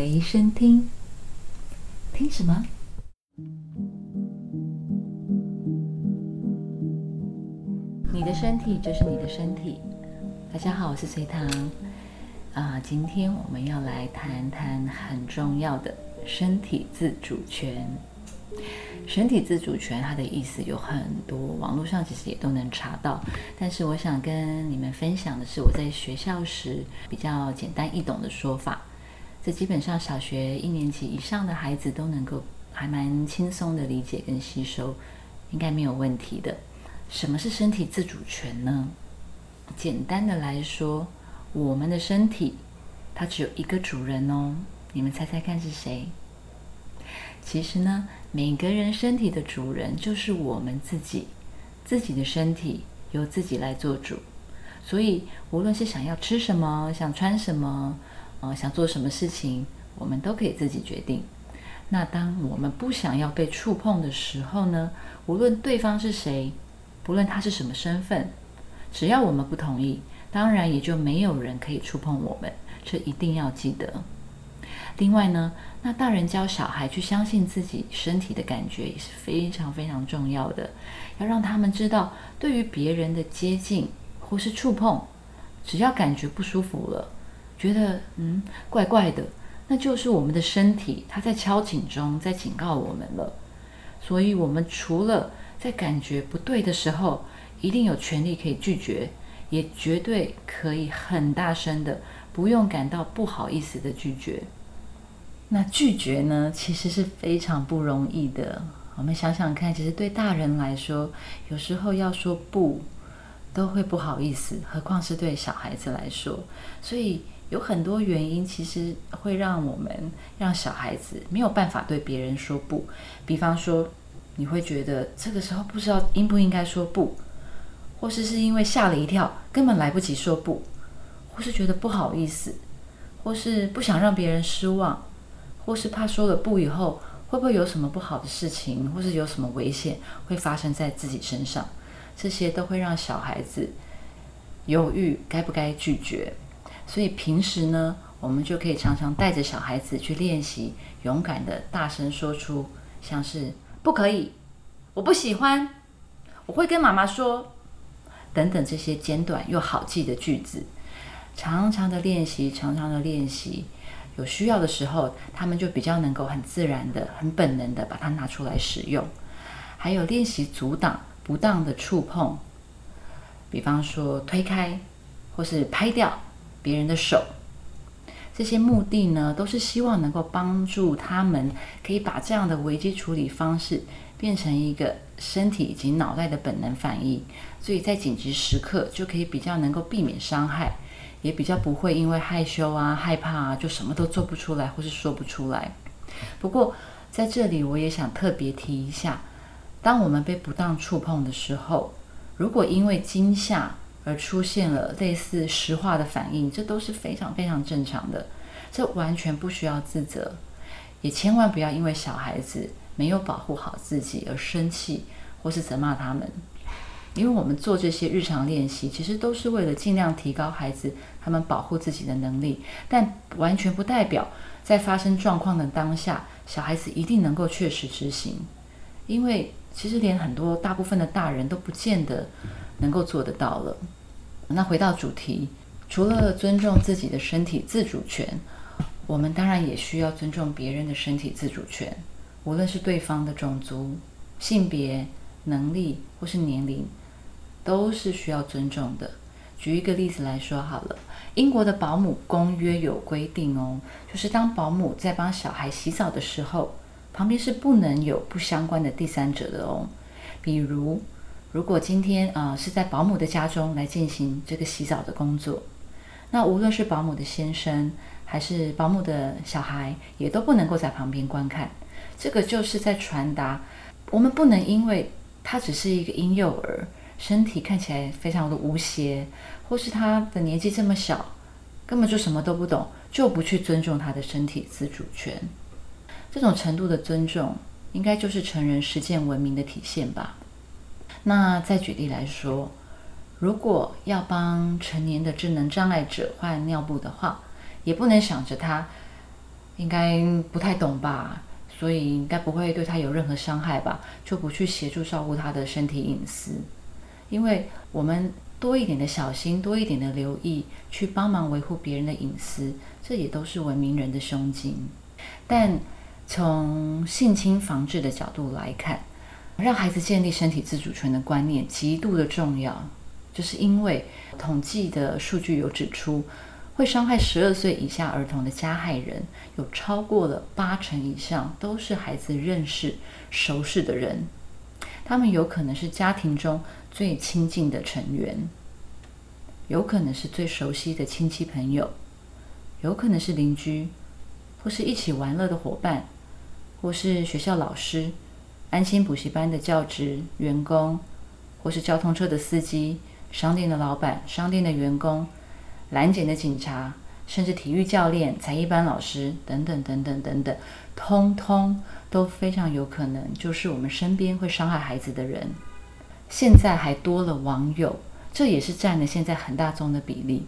隨身聽，聽什麼？你的身體就是你的身體。大家好，我是隋唐。啊、呃，今天我們要來談談很重要的身體自主權。身體自主權，它的意思有很多，網絡上其實也都能查到。但是我想跟你們分享的是我在學校時比較簡單易懂的說法。這基本上小學一年級以上的孩子都能夠還蠻輕鬆的理解跟吸收，應該沒有問題的。什麼是身體自主權呢？簡單的來說，我們的身體它只有一個主人哦，你們猜猜看是誰？其實呢，每個人身體的主人就是我們自己，自己的身體由自己來做主，所以無論是想要吃什麼，想穿什麼，呃，想做什麼事情，我們都可以自己決定。那當我們不想要被觸碰的時候呢？無論對方是誰，不論他是什麼身份，只要我們不同意，當然也就沒有人可以觸碰我們。這一定要記得。另外呢，那大人教小孩去相信自己身體的感覺也是非常非常重要的，要讓他們知道，對於別人的接近或是觸碰，只要感覺不舒服了，覺得嗯怪怪的，那就是我們的身體，它在敲警鐘，在警告我們了。所以，我們除了在感覺不對的時候，一定有權利可以拒絕，也絕對可以很大聲的，不用感到不好意思的拒絕。那拒絕呢，其實是非常不容易的。我們想想看，其實對大人來說，有時候要說不，都會不好意思，何況是對小孩子來說。所以。有很多原因，其實會讓我們讓小孩子沒有辦法對別人說不。比方說，你會覺得這個時候不知道應不應該說不，或是是因為嚇了一跳，根本來不及說不，或是覺得不好意思，或是不想讓別人失望，或是怕說了不以後會不會有什麼不好的事情，或是有什麼危險會發生在自己身上，這些都會讓小孩子猶豫該不該拒絕。所以平時呢，我們就可以常常帶着小孩子去練習，勇敢的大聲說出像是“不可以”“我不喜歡”“我會跟媽媽說”等等這些簡短又好記的句子。常常的練習，常常的練習，有需要的時候，他們就比較能夠很自然的、很本能的把它拿出來使用。還有練習阻擋不當的觸碰，比方說推開或是拍掉。別人的手，這些目的呢，都是希望能夠幫助他們可以把這樣的危機處理方式變成一個身體以及腦袋的本能反應，所以在緊急時刻就可以比較能夠避免傷害，也比較不會因為害羞啊、害怕啊，就什麼都做不出來或是說不出來。不過在這裡，我也想特別提一下，當我們被不當觸碰的時候，如果因為驚嚇，而出現了類似「石化」的反應，這都是非常非常正常的，這完全不需要自責，也千萬不要因為小孩子沒有保護好自己而生氣或是責罵他們，因為我們做這些日常練習，其實都是為了盡量提高孩子他們保護自己的能力，但完全不代表在發生狀況的當下，小孩子一定能夠確實執行，因為其實連很多大部分的大人都不見得，能夠做得到了。那回到主題，除了尊重自己的身體自主權，我們當然也需要尊重別人的身體自主權。無論是對方的種族、性別、能力或是年齡，都是需要尊重的。舉一個例子來說好了，英國的保姆公約有規定哦，就是當保姆在幫小孩洗澡的時候，旁邊是不能有不相關的第三者的哦，比如。如果今天啊，呃，是在保姆的家中來進行這個洗澡的工作，那無論是保姆的先生還是保姆的小孩，也都不能夠在旁邊觀看。這個就是在傳達，我們不能因為他只是一個嬰幼兒，身體看起來非常的無邪，或是他的年紀這麼小，根本就什麼都不懂，就不去尊重他的身體自主權。這種程度的尊重，應該就是成人實踐文明的體現吧。那再舉例來說，如果要幫成年的智能障礙者換尿布的話，也不能想着他應該不太懂吧，所以應該不會對他有任何傷害吧，就不去協助照顧他的身體隱私。因為我們多一點的小心，多一點的留意，去幫忙維護別人的隱私，這也都是文明人的胸襟。但從性侵防治的角度來看，讓孩子建立身體自主權的觀念，極度的重要，就是因為統計的數據有指出，會傷害十二歲以下兒童的加害人，有超過了八成以上都是孩子認識、熟識的人，他們有可能是家庭中最親近的成員，有可能是最熟悉的親戚朋友，有可能是鄰居，或是一起玩樂的夥伴，或是學校老師。安心補習班的教職員工，或是交通車的司機、商店的老闆、商店的員工、攔檢的警察，甚至體育教練、才藝班老師等等等等等等，通通都非常有可能就是我們身邊會傷害孩子的人。現在還多了網友，這也是佔了現在很大宗的比例。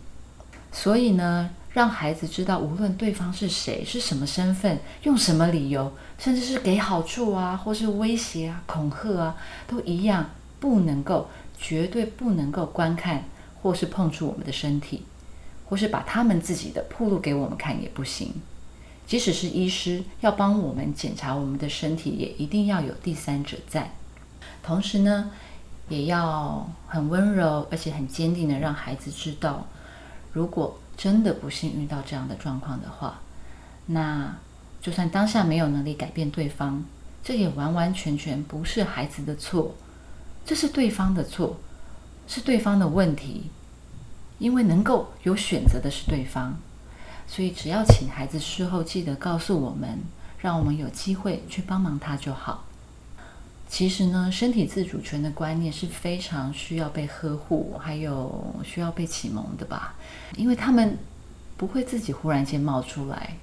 所以呢，讓孩子知道，無論對方是誰、是什麼身份、用什麼理由，甚至是給好處啊，或是威脅啊、恐嚇啊，都一樣不能夠，絕對不能夠觀看或是碰觸我們的身體，或是把他們自己的暴露給我們看也不行。即使是醫師要幫我們檢查我們的身體，也一定要有第三者在。同時呢，也要很溫柔而且很堅定地讓孩子知道，如果。真的不幸遇到這樣的狀況的話，那就算當下沒有能力改變對方，這也完完全全不是孩子的錯，這是對方的錯，是對方的問題，因為能夠有選擇的是對方，所以只要請孩子事後記得告訴我們，讓我們有機會去幫忙他就好。其實呢，身體自主權的觀念是非常需要被呵護，還有需要被啟蒙的吧，因為他們不會自己忽然間冒出來。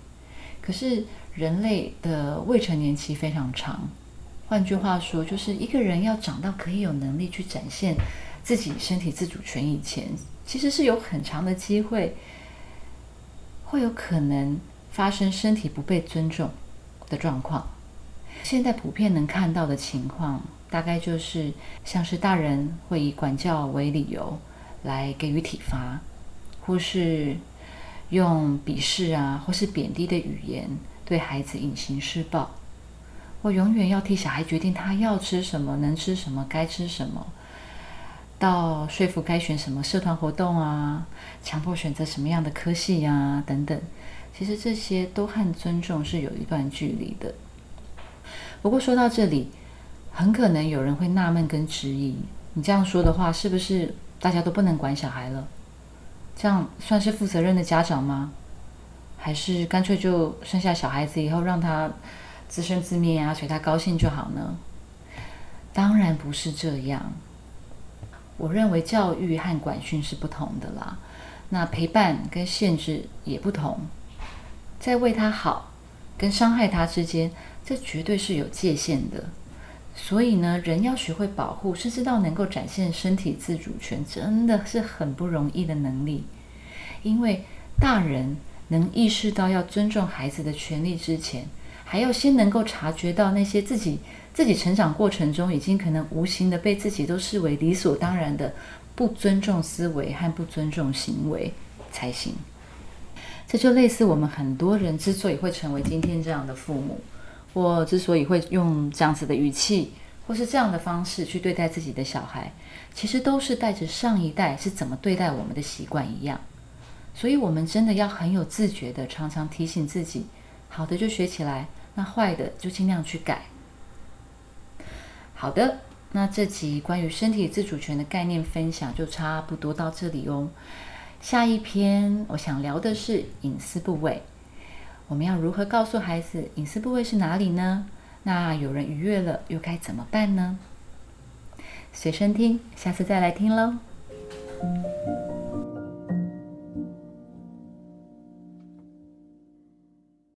可是人類的未成年期非常長，換句話說，就是一個人要長到可以有能力去展現自己身體自主權以前，其實是有很長的機會，會有可能發生身體不被尊重的狀況。現在普遍能看到的情況，大概就是像是大人會以管教為理由來給予體罰，或是用鄙視啊，或是貶低的語言對孩子隱形施暴，我永遠要替小孩決定他要吃什麼、能吃什麼、該吃什麼，到說服該選什麼社團活動啊，強迫選擇什麼樣的科系呀，啊，等等，其實這些都和尊重是有一段距離的。不過說到這裡，很可能有人會納悶跟質疑：你這樣說的話，是不是大家都不能管小孩了？這樣算是負責任的家長嗎？還是乾脆就生下小孩子以後，讓他自生自滅啊，隨他高興就好呢？當然不是這樣。我認為教育和管訓是不同的啦，那陪伴跟限制也不同，在為他好。跟傷害他之間，這絕對是有界限的。所以呢，人要學會保護，甚至到能夠展現身體自主權，真的是很不容易的能力。因為大人能意識到要尊重孩子的權利之前，還要先能夠察覺到那些自己自己成長過程中已經可能無形的被自己都視為理所當然的不尊重思維和不尊重行為才行。這就類似我們很多人之所以會成為今天這樣的父母，我之所以會用這樣子的語氣或是這樣的方式去對待自己的小孩，其實都是帶着上一代是怎麼對待我們的習慣一樣。所以，我們真的要很有自覺的，常常提醒自己：好的就學起來，那壞的就儘量去改。好的，那這集關於身體自主權的概念分享就差不多到這裡哦。下一篇我想聊的是隱私部位，我們要如何告訴孩子隱私部位是哪裡呢？那有人逾越了，又該怎麼辦呢？隨身聽，下次再來聽嘍。